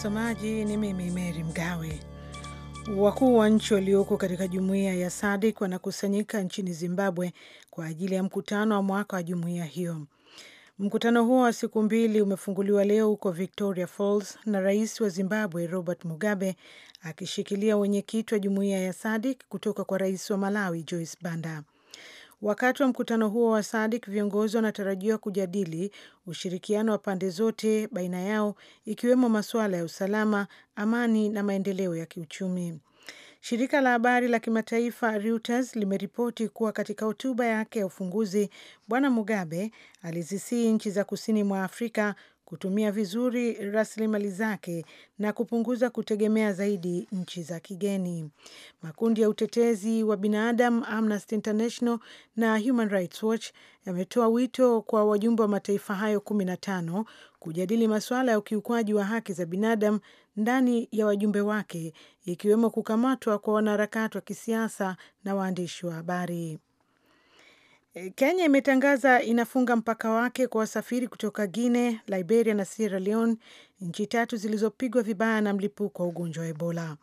Msomaji ni mimi Mary Mgawe. Wakuu wa nchi walioko katika jumuiya ya SADC wanakusanyika nchini Zimbabwe kwa ajili ya mkutano wa mwaka wa jumuiya hiyo. Mkutano huo wa siku mbili umefunguliwa leo huko Victoria Falls na rais wa Zimbabwe Robert Mugabe akishikilia wenyekiti wa jumuiya ya SADC kutoka kwa rais wa Malawi Joyce Banda. Wakati wa mkutano huo wa SADC, viongozi wanatarajiwa kujadili ushirikiano wa pande zote baina yao, ikiwemo masuala ya usalama, amani na maendeleo ya kiuchumi. Shirika la habari la kimataifa Reuters limeripoti kuwa katika hotuba yake ya ufunguzi, Bwana Mugabe alizisii nchi za kusini mwa Afrika kutumia vizuri rasilimali zake na kupunguza kutegemea zaidi nchi za kigeni. Makundi ya utetezi wa binadamu Amnesty International na Human Rights Watch yametoa wito kwa wajumbe wa mataifa hayo kumi na tano kujadili masuala ya ukiukwaji wa haki za binadamu ndani ya wajumbe wake, ikiwemo kukamatwa kwa wanaharakati wa kisiasa na waandishi wa habari. Eh, Kenya imetangaza inafunga mpaka wake kwa wasafiri kutoka guine Liberia na Sierra Leone, nchi tatu zilizopigwa vibaya na mlipuko wa ugonjwa wa Ebola.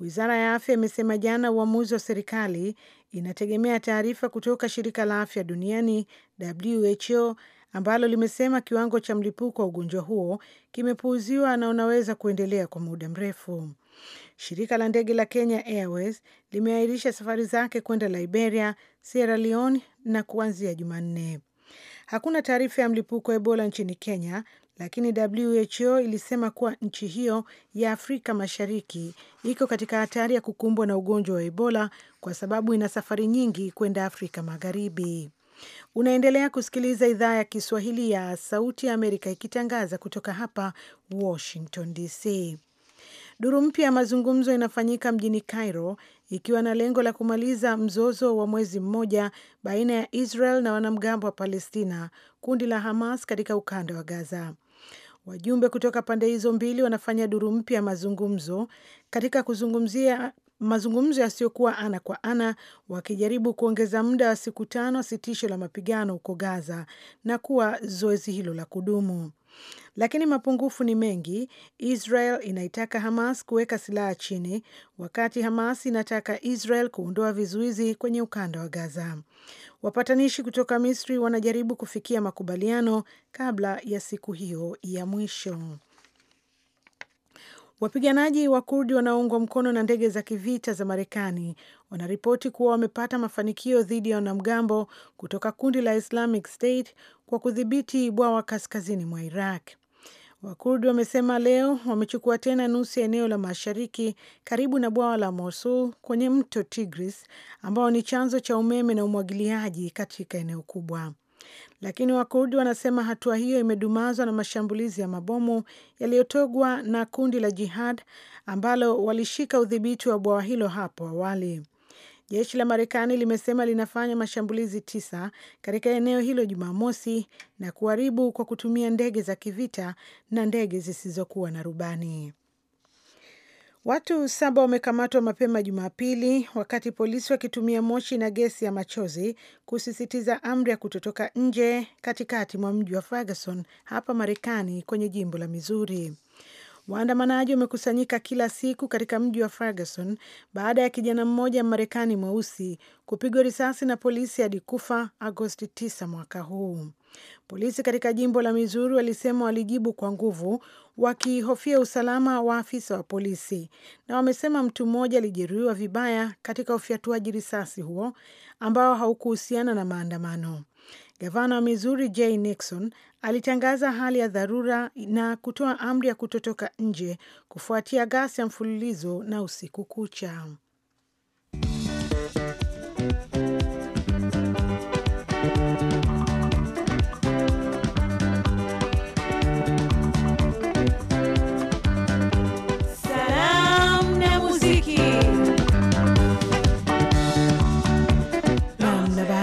Wizara ya afya imesema jana uamuzi wa serikali inategemea taarifa kutoka shirika la afya duniani WHO, ambalo limesema kiwango cha mlipuko wa ugonjwa huo kimepuuziwa na unaweza kuendelea kwa muda mrefu. Shirika la ndege la Kenya Airways limeahirisha safari zake kwenda Liberia, Sierra Leone na kuanzia Jumanne. Hakuna taarifa ya mlipuko wa Ebola nchini Kenya, lakini WHO ilisema kuwa nchi hiyo ya Afrika Mashariki iko katika hatari ya kukumbwa na ugonjwa wa Ebola kwa sababu ina safari nyingi kwenda Afrika Magharibi. Unaendelea kusikiliza idhaa ya Kiswahili ya Sauti ya Amerika ikitangaza kutoka hapa Washington DC. Duru mpya ya mazungumzo inafanyika mjini Cairo ikiwa na lengo la kumaliza mzozo wa mwezi mmoja baina ya Israel na wanamgambo wa Palestina, kundi la Hamas katika ukanda wa Gaza. Wajumbe kutoka pande hizo mbili wanafanya duru mpya ya mazungumzo katika kuzungumzia mazungumzo yasiyokuwa ana kwa ana, wakijaribu kuongeza muda wa siku tano sitisho la mapigano huko Gaza na kuwa zoezi hilo la kudumu lakini mapungufu ni mengi. Israel inaitaka Hamas kuweka silaha chini, wakati Hamas inataka Israel kuondoa vizuizi kwenye ukanda wa Gaza. Wapatanishi kutoka Misri wanajaribu kufikia makubaliano kabla ya siku hiyo ya mwisho. Wapiganaji wa Kurdi wanaoungwa mkono na ndege za kivita za Marekani wanaripoti kuwa wamepata mafanikio dhidi ya wanamgambo kutoka kundi la Islamic State kwa kudhibiti bwawa kaskazini mwa Iraq. Wakurdi wamesema leo wamechukua tena nusu ya eneo la mashariki karibu na bwawa la Mosul kwenye mto Tigris, ambao ni chanzo cha umeme na umwagiliaji katika eneo kubwa lakini Wakurdi wanasema hatua hiyo imedumazwa na mashambulizi ya mabomu yaliyotogwa na kundi la Jihad ambalo walishika udhibiti wa bwawa hilo hapo awali. Jeshi la Marekani limesema linafanya mashambulizi tisa katika eneo hilo Jumamosi na kuharibu kwa kutumia ndege za kivita na ndege zisizokuwa na rubani. Watu saba wamekamatwa mapema Jumapili wakati polisi wakitumia moshi na gesi ya machozi kusisitiza amri ya kutotoka nje katikati mwa mji wa Ferguson hapa Marekani, kwenye jimbo la Mizuri. Waandamanaji wamekusanyika kila siku katika mji wa Ferguson baada ya kijana mmoja Marekani mweusi kupigwa risasi na polisi hadi kufa Agosti 9 mwaka huu. Polisi katika jimbo la Mizuri walisema walijibu kwa nguvu, wakihofia usalama wa afisa wa polisi, na wamesema mtu mmoja alijeruhiwa vibaya katika ufyatuaji risasi huo ambao haukuhusiana na maandamano. Gavana wa Mizuri Jay Nixon alitangaza hali ya dharura na kutoa amri ya kutotoka nje kufuatia ghasia mfululizo na usiku kucha.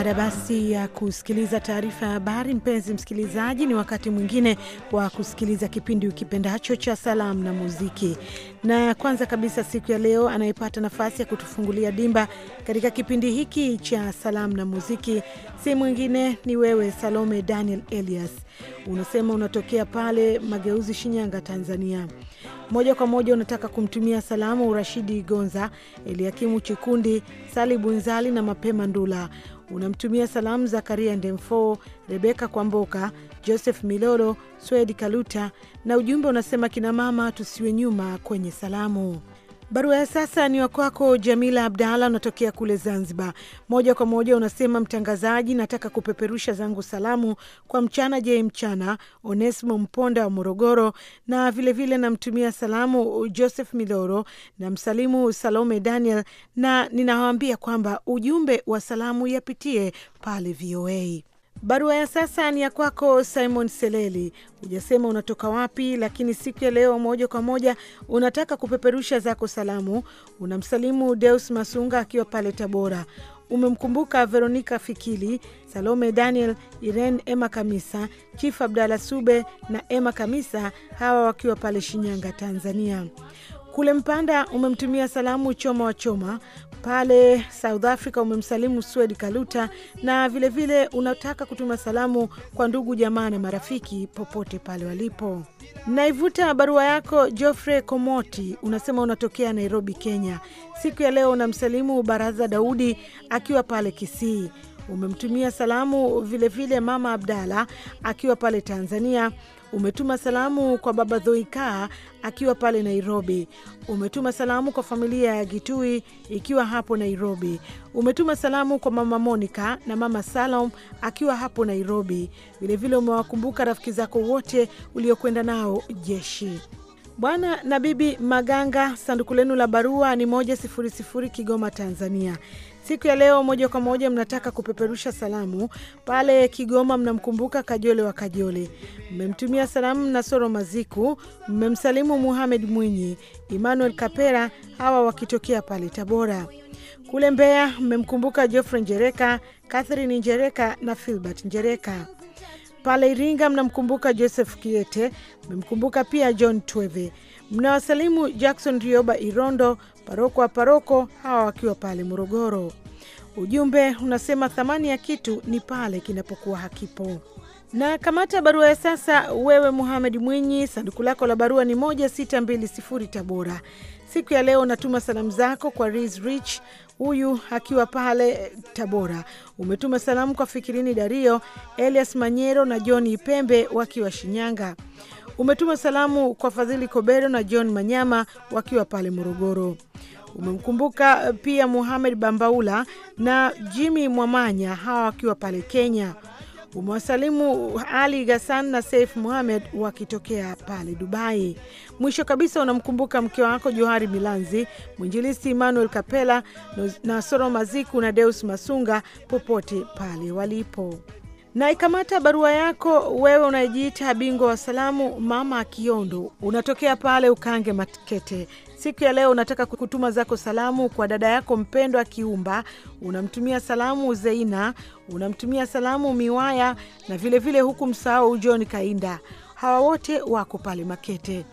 Baada basi ya kusikiliza taarifa ya habari, mpenzi msikilizaji, ni wakati mwingine wa kusikiliza kipindi ukipendacho cha salamu na muziki. Na kwanza kabisa, siku ya leo anayepata nafasi ya kutufungulia dimba katika kipindi hiki cha salamu na muziki si mwingine ni wewe Salome Daniel Elias. Unasema unatokea pale Mageuzi, Shinyanga, Tanzania. Moja kwa moja unataka kumtumia salamu Rashidi Gonza, Eliakimu Chikundi, Salibunzali na Mapema Ndula unamtumia salamu Zakaria Ndemfo, Rebeka Kwamboka, Joseph Milolo, Swedi Kaluta, na ujumbe unasema kinamama tusiwe nyuma kwenye salamu. Barua ya sasa ni wakwako Jamila Abdalla, unatokea kule Zanzibar. Moja kwa moja unasema, mtangazaji, nataka kupeperusha zangu salamu kwa mchana. Je, mchana onesimo Mponda wa Morogoro, na vilevile namtumia salamu uh, Joseph Miloro na msalimu Salome Daniel, na ninawaambia kwamba ujumbe wa salamu yapitie pale VOA. Barua ya sasa ni ya kwako Simon Seleli. Hujasema unatoka wapi, lakini siku ya leo moja kwa moja unataka kupeperusha zako salamu. Unamsalimu Deus Masunga akiwa pale Tabora. Umemkumbuka Veronika Fikili, Salome Daniel, Irene Emma Kamisa, Chief Abdala Sube na Emma Kamisa, hawa wakiwa pale Shinyanga, Tanzania. Kule Mpanda umemtumia salamu Choma wa Choma, pale South Africa umemsalimu Swedi Kaluta, na vilevile vile unataka kutuma salamu kwa ndugu jamaa na marafiki popote pale walipo. Naivuta barua yako Geoffrey Komoti, unasema unatokea Nairobi, Kenya. Siku ya leo unamsalimu Baraza Daudi akiwa pale Kisii, Umemtumia salamu vilevile vile mama Abdala akiwa pale Tanzania. Umetuma salamu kwa baba Dhoikaa akiwa pale Nairobi. Umetuma salamu kwa familia ya Gitui ikiwa hapo Nairobi. Umetuma salamu kwa mama Monica na mama Salom akiwa hapo Nairobi. Vilevile umewakumbuka rafiki zako wote uliokwenda nao jeshi. Bwana na bibi Maganga, sanduku lenu la barua ni moja sifuri sifuri Kigoma, Tanzania. Siku ya leo moja kwa moja mnataka kupeperusha salamu pale Kigoma, mnamkumbuka Kajole wa Kajole, mmemtumia salamu Nasoro Maziku, mmemsalimu Muhamed Mwinyi, Emmanuel Kapera, hawa wakitokea pale Tabora. Kule Mbeya mmemkumbuka jofre Njereka, Catherine Njereka na Filbert Njereka. Pale Iringa mnamkumbuka Joseph Kiete, mmemkumbuka pia John Tweve. Mnawasalimu Jackson Rioba Irondo paroko wa paroko hawa wakiwa pale Morogoro. Ujumbe unasema thamani ya kitu ni pale kinapokuwa hakipo. Na kamata barua ya sasa, wewe Muhamed Mwinyi, sanduku lako la barua ni sifuri Tabora. Siku ya leo unatuma salamu zako kwa Riz Rich, huyu akiwa pale Tabora. Umetuma salamu kwa Fikirini Dario, Elias Manyero na John Ipembe wakiwa Shinyanga umetuma salamu kwa Fadhili Kobero na John Manyama wakiwa pale Morogoro. Umemkumbuka eh, pia Muhamed Bambaula na jimi Mwamanya, hawa wakiwa pale Kenya. Umewasalimu Ali Gassan na Saif Muhamed wakitokea pale Dubai. Mwisho kabisa, unamkumbuka mke wako Johari Milanzi, mwinjilisti Emmanuel Kapela na Soro Maziku na Deus Masunga popote pale walipo. Naikamata barua yako wewe, unajiita bingwa wa salamu, mama Kiondo, unatokea pale Ukange Makete. Siku ya leo unataka kutuma zako salamu kwa dada yako mpendwa Kiumba, unamtumia salamu Zeina, unamtumia salamu Miwaya na vilevile vile huku msahau John Kainda. Hawa wote wako pale Makete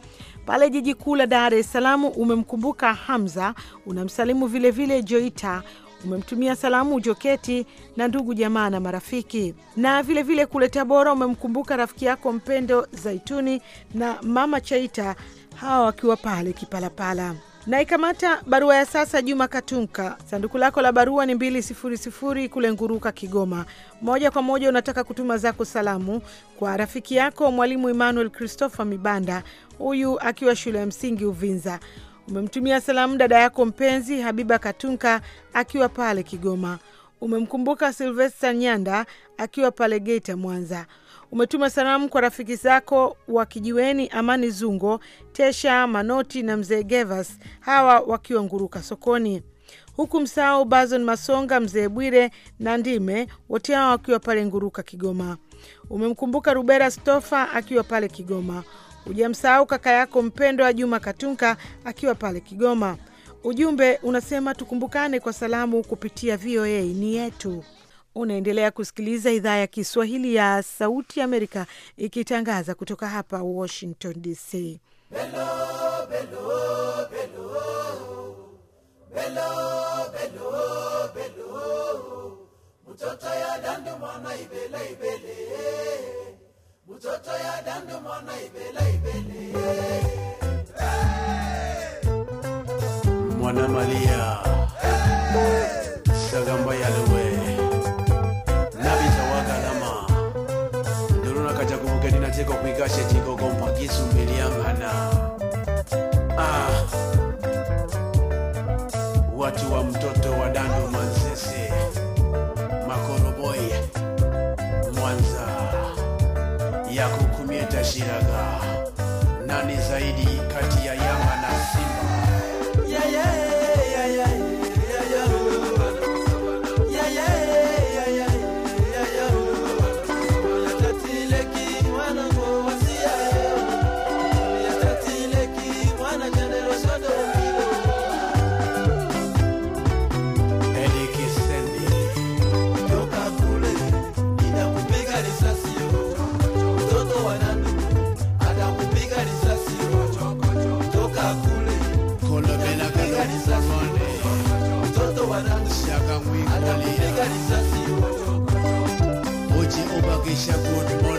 pale jiji kuu la Dar es Salaam. Umemkumbuka Hamza, unamsalimu vilevile Joita, umemtumia salamu Joketi na ndugu jamaa na marafiki, na vilevile vile kule Tabora umemkumbuka rafiki yako Mpendo Zaituni na mama Chaita, hawa wakiwa pale Kipalapala na ikamata barua ya sasa. Juma Katunka, sanduku lako la barua ni mbili sifuri kule Nguruka, Kigoma. Moja kwa moja unataka kutuma zako salamu kwa rafiki yako mwalimu Emmanuel Christopher Mibanda, huyu akiwa shule ya msingi Uvinza. Umemtumia salamu dada yako mpenzi Habiba Katunka akiwa pale Kigoma. Umemkumbuka Silvesta Nyanda akiwa pale Geita, Mwanza. Umetuma salamu kwa rafiki zako wa kijiweni Amani Zungo, Tesha Manoti na mzee Gevas, hawa wakiwa Nguruka sokoni huku msahau Bazon Masonga, mzee Bwire na Ndime, wote hao wakiwa pale Nguruka Kigoma. Umemkumbuka Rubera Stofa akiwa pale Kigoma. Hujamsahau kaka yako mpendwa Juma Katunka akiwa pale Kigoma. Ujumbe unasema tukumbukane kwa salamu kupitia VOA ni yetu. Unaendelea kusikiliza idhaa ya Kiswahili ya Sauti Amerika ikitangaza kutoka hapa Washington DC. mtoto ya dandu mwana ibele, ibele mutoto ya dandu mwana ibele ibele eh. mwana malia sagamba yalewe nabitawagalama ndolona kaja kubugeni nateko kuikashe chikokompa kisumiliangana ah watu wa lady wish a good morning.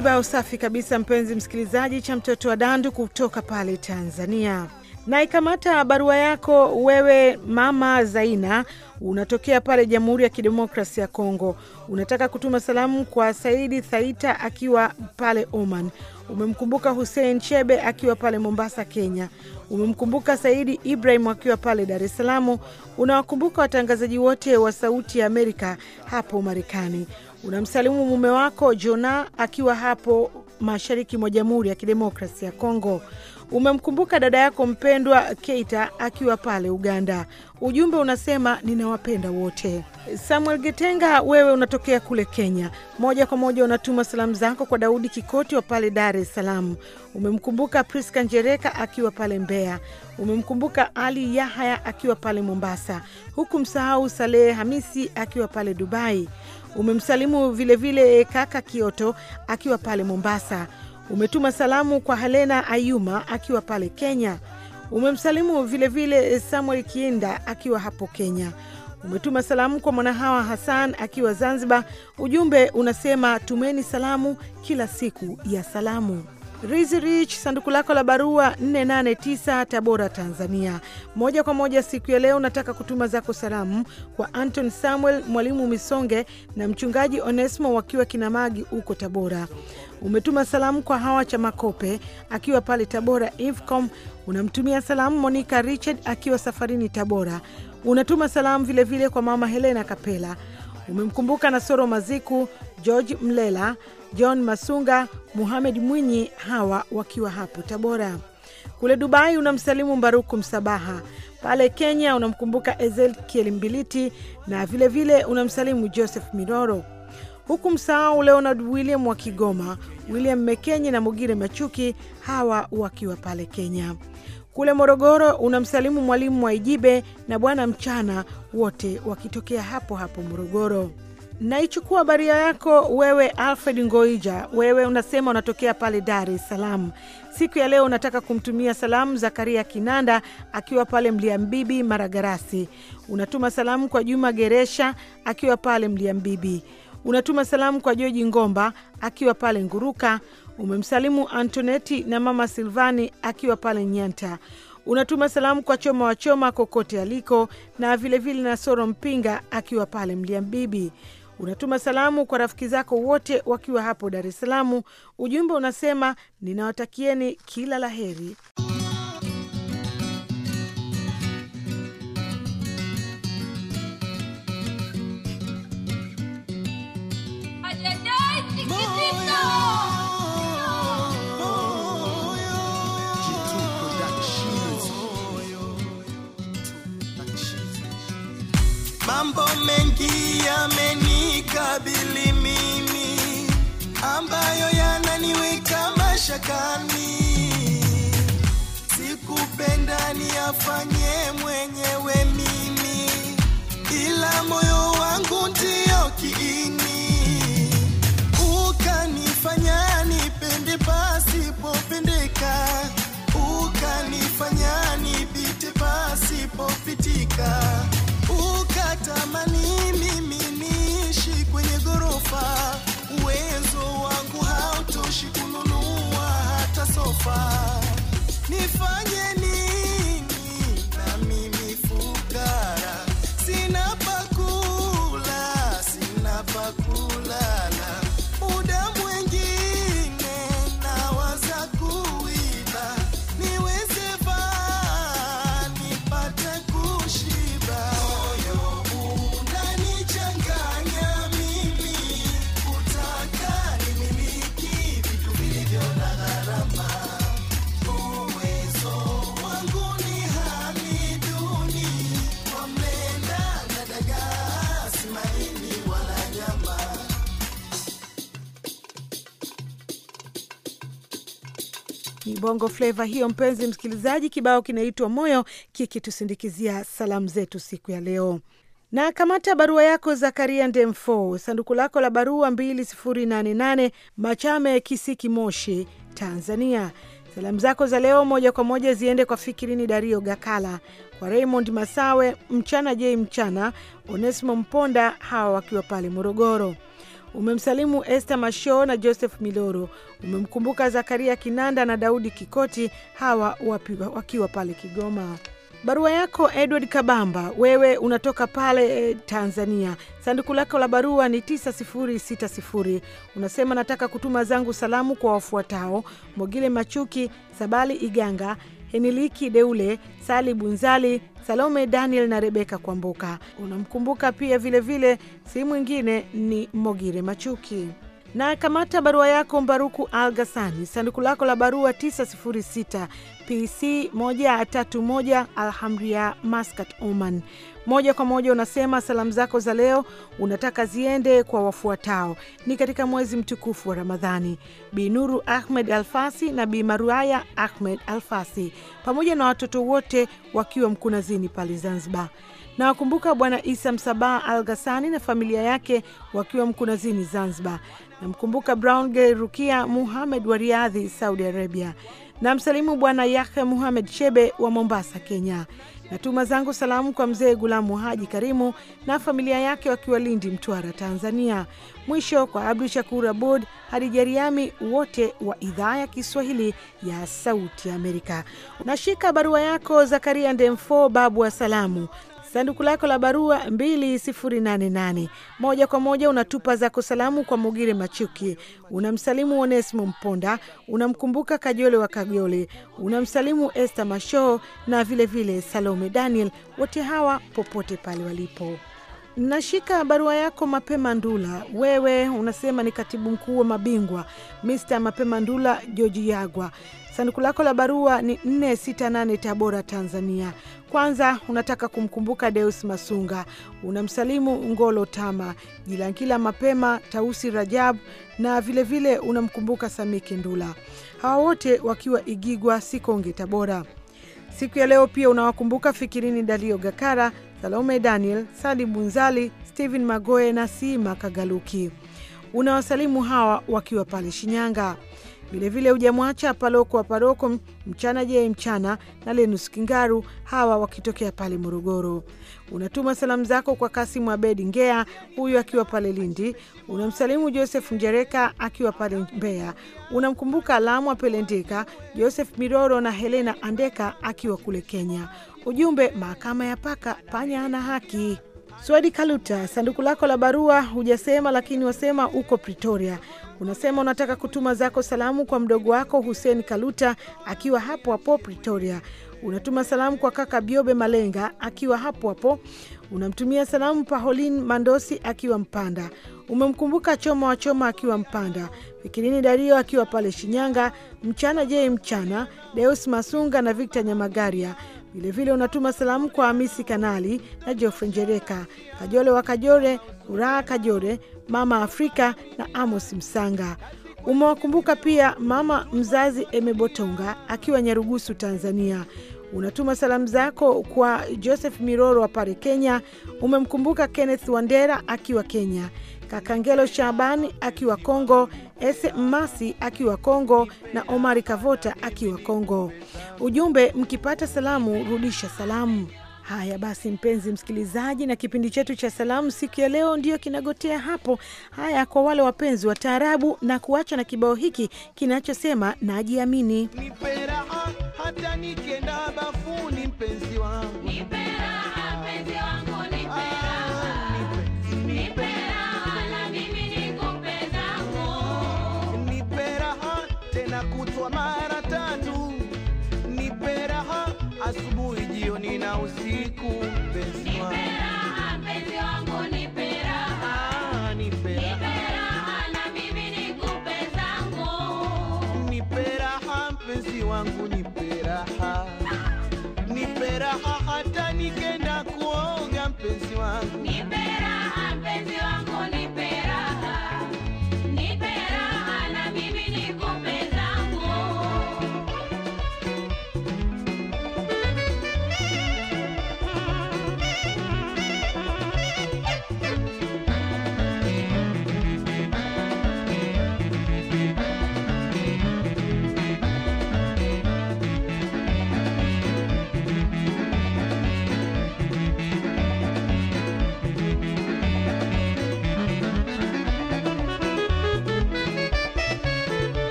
kibao safi kabisa, mpenzi msikilizaji, cha mtoto wa dandu kutoka pale Tanzania. Naikamata barua yako wewe, mama Zaina, unatokea pale Jamhuri ya Kidemokrasi ya Kongo. Unataka kutuma salamu kwa Saidi Thaita akiwa pale Oman. Umemkumbuka Hussein Chebe akiwa pale Mombasa, Kenya. Umemkumbuka Saidi Ibrahim akiwa pale Dar es Salaam. Unawakumbuka watangazaji wote wa Sauti ya Amerika hapo Marekani. Unamsalimu mume wako Jona akiwa hapo mashariki mwa Jamhuri ya Kidemokrasi ya Kongo. Umemkumbuka dada yako mpendwa Keita akiwa pale Uganda. Ujumbe unasema ninawapenda wote. Samuel Getenga, wewe unatokea kule Kenya, moja kwa moja unatuma salamu zako kwa Daudi Kikoti wa pale Dar es Salaam. Umemkumbuka Priska Njereka akiwa pale Mbeya. Umemkumbuka Ali Yahaya akiwa pale Mombasa, huku msahau Salehe Hamisi akiwa pale Dubai. Umemsalimu vilevile vile kaka Kioto akiwa pale Mombasa. Umetuma salamu kwa Helena Ayuma akiwa pale Kenya. Umemsalimu vilevile vile Samuel Kiinda akiwa hapo Kenya. Umetuma salamu kwa Mwanahawa Hassan akiwa Zanzibar. Ujumbe unasema tumeni salamu kila siku ya salamu. Rizi Rich, sanduku lako la barua 489 Tabora, Tanzania. Moja kwa moja siku ya leo nataka kutuma zako salamu kwa Anton Samuel, mwalimu Misonge na mchungaji Onesmo wakiwa Kinamagi huko Tabora. Umetuma salamu kwa Hawa makope akiwa pale Tabora Infcom. Unamtumia salamu Monica Richard akiwa safarini Tabora. Unatuma salamu vilevile vile kwa mama Helena Kapela. Umemkumbuka na soro Maziku, George Mlela John Masunga, Muhamed Mwinyi, hawa wakiwa hapo Tabora. Kule Dubai unamsalimu Mbaruku Msabaha, pale Kenya unamkumbuka Ezekiel Mbiliti na vilevile vile unamsalimu Joseph Miroro, huku msahau Leonard William wa Kigoma, William Mekenyi na Mugire Machuki, hawa wakiwa pale Kenya. Kule Morogoro unamsalimu Mwalimu Mwaijibe na Bwana Mchana, wote wakitokea hapo hapo Morogoro. Naichukua baria yako wewe Alfred Ngoija, wewe unasema unatokea pale Dar es Salaam. Siku ya leo unataka kumtumia salamu Zakaria Kinanda akiwa pale Mliambibi Maragarasi. Unatuma salamu kwa Juma Geresha akiwa pale Mliambibi. Unatuma salamu kwa Joji Ngomba akiwa pale Nguruka. Umemsalimu Antoneti na mama Silvani akiwa pale Nyanta unatuma salamu kwa Choma wa Choma kokote aliko na vilevile na Soro Mpinga akiwa pale Mliambibi. Unatuma salamu kwa rafiki zako wote wakiwa hapo Dar es Salaam. Ujumbe unasema ninawatakieni kila la heri. matakani, sikupenda niyafanye mwenyewe mimi, ila moyo wangu ndiyo kiini, ukanifanya nipende pasipopendeka, ukanifanya nipite pasipopitika, ukatamani mimi niishi kwenye ghorofa uwezo wangu hautoshi kununua hata sofa, nifanye ni bongo fleva hiyo, mpenzi msikilizaji. Kibao kinaitwa Moyo kikitusindikizia salamu zetu siku ya leo. Na kamata barua yako Zakaria Ndemfo, sanduku lako la barua 2088 Machame, Kisiki, Moshi, Tanzania. Salamu zako za leo moja kwa moja ziende kwa Fikirini Dario Gakala, kwa Raymond Masawe, Mchana Jei, Mchana, Onesimo Mponda, hawa wakiwa pale Morogoro. Umemsalimu Esther Masho na Joseph Miloro. Umemkumbuka Zakaria Kinanda na Daudi Kikoti, hawa wakiwa pale Kigoma. Barua yako Edward Kabamba, wewe unatoka pale eh, Tanzania. Sanduku lako la barua ni 9060. Unasema nataka kutuma zangu salamu kwa wafuatao: Mogile Machuki, Sabali Iganga, Heniliki Deule, Sali Bunzali, Salome Daniel na Rebeka Kwamboka. Unamkumbuka pia vilevile, si mwingine ni Mogire Machuki na kamata barua yako Mbaruku Al Gasani, sanduku lako la barua 906 PC 131 Alhamria, Maskat, Oman moja kwa moja unasema salamu zako za leo unataka ziende kwa wafuatao. Ni katika mwezi mtukufu wa Ramadhani, Bi Nuru Ahmed Alfasi na Bi Maruaya Ahmed Alfasi pamoja na watoto wote wakiwa Mkunazini pale Zanzibar. nawakumbuka Bwana Isa Msabaha Al Gasani na familia yake wakiwa Mkunazini Zanzibar. Namkumbuka Brown Gay Rukia Muhamed wa Riadhi, Saudi Arabia. Namsalimu Bwana Yahe Muhamed Shebe wa Mombasa, Kenya. Natuma zangu salamu kwa mzee Gulamu Haji Karimu na familia yake wakiwa Lindi, Mtwara, Tanzania. Mwisho kwa Abdu Shakur Abud, hadi Jariami, wote wa idhaa ya Kiswahili ya Sauti ya Amerika. Nashika barua yako Zakaria Ndemfo, babu wa salamu sanduku lako la barua 2088 moja kwa moja unatupa zako salamu kwa Mugire Machuki. Unamsalimu Onesimo Mponda, unamkumbuka Kajole wa Kajole, unamsalimu Esther Mashoo na vilevile vile Salome Daniel, wote hawa popote pale walipo. Nashika barua yako Mapema Ndula, wewe unasema ni katibu mkuu wa mabingwa Mr. Mapema Ndula Joji Yagwa. Sanduku lako la barua ni 468 Tabora, Tanzania. Kwanza unataka kumkumbuka Deus Masunga, unamsalimu Ngolo Tama, jilangila Mapema, Tausi Rajab na vilevile vile unamkumbuka Samike Ndula, hawa wote wakiwa Igigwa Sikonge, Tabora. Siku ya leo pia unawakumbuka Fikirini Dalio Gakara Salome Daniel, Sadi Bunzali, Stephen Magoe na si Kagaluki. Unawasalimu hawa wakiwa pale Shinyanga. Vilevile hujamwacha Paloko wa Paroko, Mchana Je Mchana na Lenus Kingaru, hawa wakitokea pale Morogoro. Unatuma salamu zako kwa Kasimu Abedi Ngea, huyu akiwa pale Lindi. Unamsalimu Joseph Njereka akiwa pale Mbeya. Unamkumbuka Lamwa Pelendeka, Joseph Miroro na Helena Andeka akiwa kule Kenya. Ujumbe, mahakama ya paka, panya ana haki. Swedi Kaluta, sanduku lako la barua hujasema, lakini wasema uko Pretoria. Unasema unataka kutuma zako salamu kwa mdogo wako Hussein Kaluta akiwa hapo hapo Pretoria. Unatuma salamu kwa kaka Biobe Malenga akiwa hapo hapo. Unamtumia salamu Paholin Mandosi akiwa Mpanda. Umemkumbuka Choma wa Choma akiwa Mpanda, Fikirini Dario akiwa pale Shinyanga, Mchana jei Mchana, Deus Masunga na Victor Nyamagaria. Vilevile unatuma salamu kwa Hamisi Kanali na Jofre Njereka, Kajole wa Kajore, Furaha Kajore, Mama Afrika na Amos Msanga. Umewakumbuka pia mama mzazi Emebotonga akiwa Nyarugusu, Tanzania. Unatuma salamu zako kwa Joseph Miroro wa pale Kenya. Umemkumbuka Kenneth Wandera akiwa Kenya, Kakangelo Shabani akiwa Kongo, Ese Masi akiwa Kongo na Omari Kavota akiwa Kongo. Ujumbe, mkipata salamu rudisha salamu. Haya basi, mpenzi msikilizaji, na kipindi chetu cha salamu siku ya leo ndiyo kinagotea hapo. Haya, kwa wale wapenzi wa taarabu, na kuacha na kibao hiki kinachosema najiamini. nipera ah, hata nikienda bafuni, mpenzi wangu want me.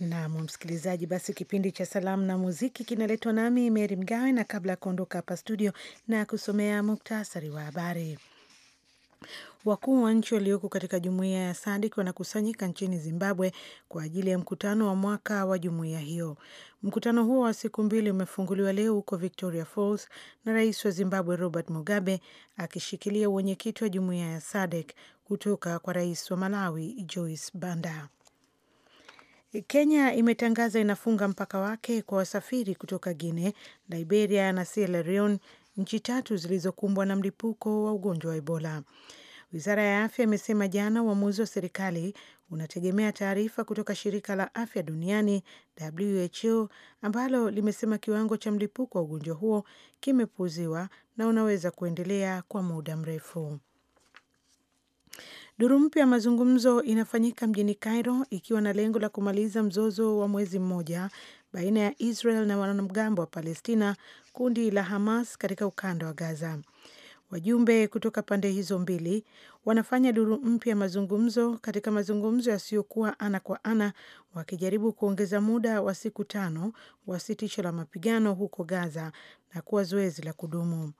Nam msikilizaji, basi kipindi cha salamu na muziki kinaletwa nami Meri Mgawe, na kabla ya kuondoka hapa studio na kusomea muktasari wa habari. Wakuu wa nchi walioko katika jumuiya ya SADIK wanakusanyika nchini Zimbabwe kwa ajili ya mkutano wa mwaka wa jumuiya hiyo. Mkutano huo wa siku mbili umefunguliwa leo huko Victoria Falls na rais wa Zimbabwe Robert Mugabe akishikilia uwenyekiti wa jumuiya ya SADIK kutoka kwa rais wa Malawi Joyce Banda. Kenya imetangaza inafunga mpaka wake kwa wasafiri kutoka Guinea, Liberia na Sierra Leone, nchi tatu zilizokumbwa na mlipuko wa ugonjwa wa Ebola. Wizara ya afya imesema jana uamuzi wa serikali unategemea taarifa kutoka shirika la afya duniani WHO, ambalo limesema kiwango cha mlipuko wa ugonjwa huo kimepuuziwa na unaweza kuendelea kwa muda mrefu. Duru mpya ya mazungumzo inafanyika mjini Cairo ikiwa na lengo la kumaliza mzozo wa mwezi mmoja baina ya Israel na wanamgambo wa Palestina, kundi la Hamas katika ukanda wa Gaza. Wajumbe kutoka pande hizo mbili wanafanya duru mpya mazungumzo katika mazungumzo yasiyokuwa ana kwa ana, wakijaribu kuongeza muda wa siku tano wa sitisho la mapigano huko Gaza na kuwa zoezi la kudumu,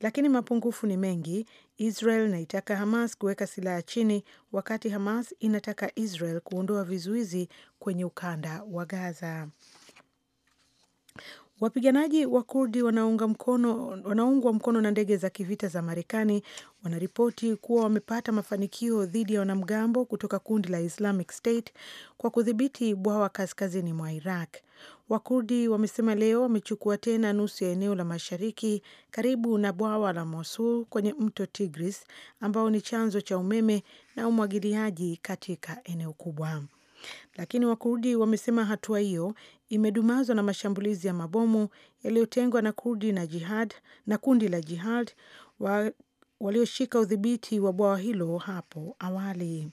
lakini mapungufu ni mengi. Israel inaitaka Hamas kuweka silaha chini, wakati Hamas inataka Israel kuondoa vizuizi kwenye ukanda wa Gaza. Wapiganaji wa Kurdi wanaunga mkono, wanaungwa mkono na ndege za kivita za Marekani wanaripoti kuwa wamepata mafanikio dhidi ya wanamgambo kutoka kundi la Islamic State kwa kudhibiti bwawa kaskazini mwa Iraq. Wakurdi wamesema leo wamechukua tena nusu ya eneo la mashariki karibu na bwawa la Mosul kwenye mto Tigris ambao ni chanzo cha umeme na umwagiliaji katika eneo kubwa lakini Wakurdi wamesema hatua hiyo imedumazwa na mashambulizi ya mabomu yaliyotengwa na Kurdi na jihad na kundi la jihad wa, walioshika udhibiti wa bwawa hilo hapo awali.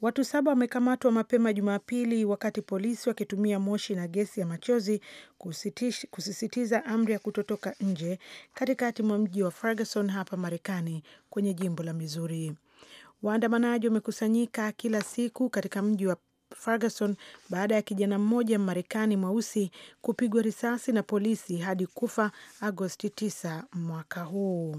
Watu saba wamekamatwa mapema Jumapili wakati polisi wakitumia moshi na gesi ya machozi kusitish, kusisitiza amri ya kutotoka nje katikati mwa mji wa Ferguson hapa Marekani kwenye jimbo la Mizuri. Waandamanaji wamekusanyika kila siku katika mji wa Ferguson baada ya kijana mmoja Marekani mweusi kupigwa risasi na polisi hadi kufa Agosti 9 mwaka huu.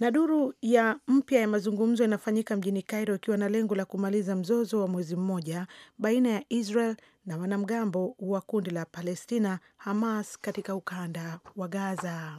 Na duru ya mpya ya mazungumzo inafanyika mjini Cairo ikiwa na lengo la kumaliza mzozo wa mwezi mmoja baina ya Israel na wanamgambo wa kundi la Palestina Hamas katika ukanda wa Gaza.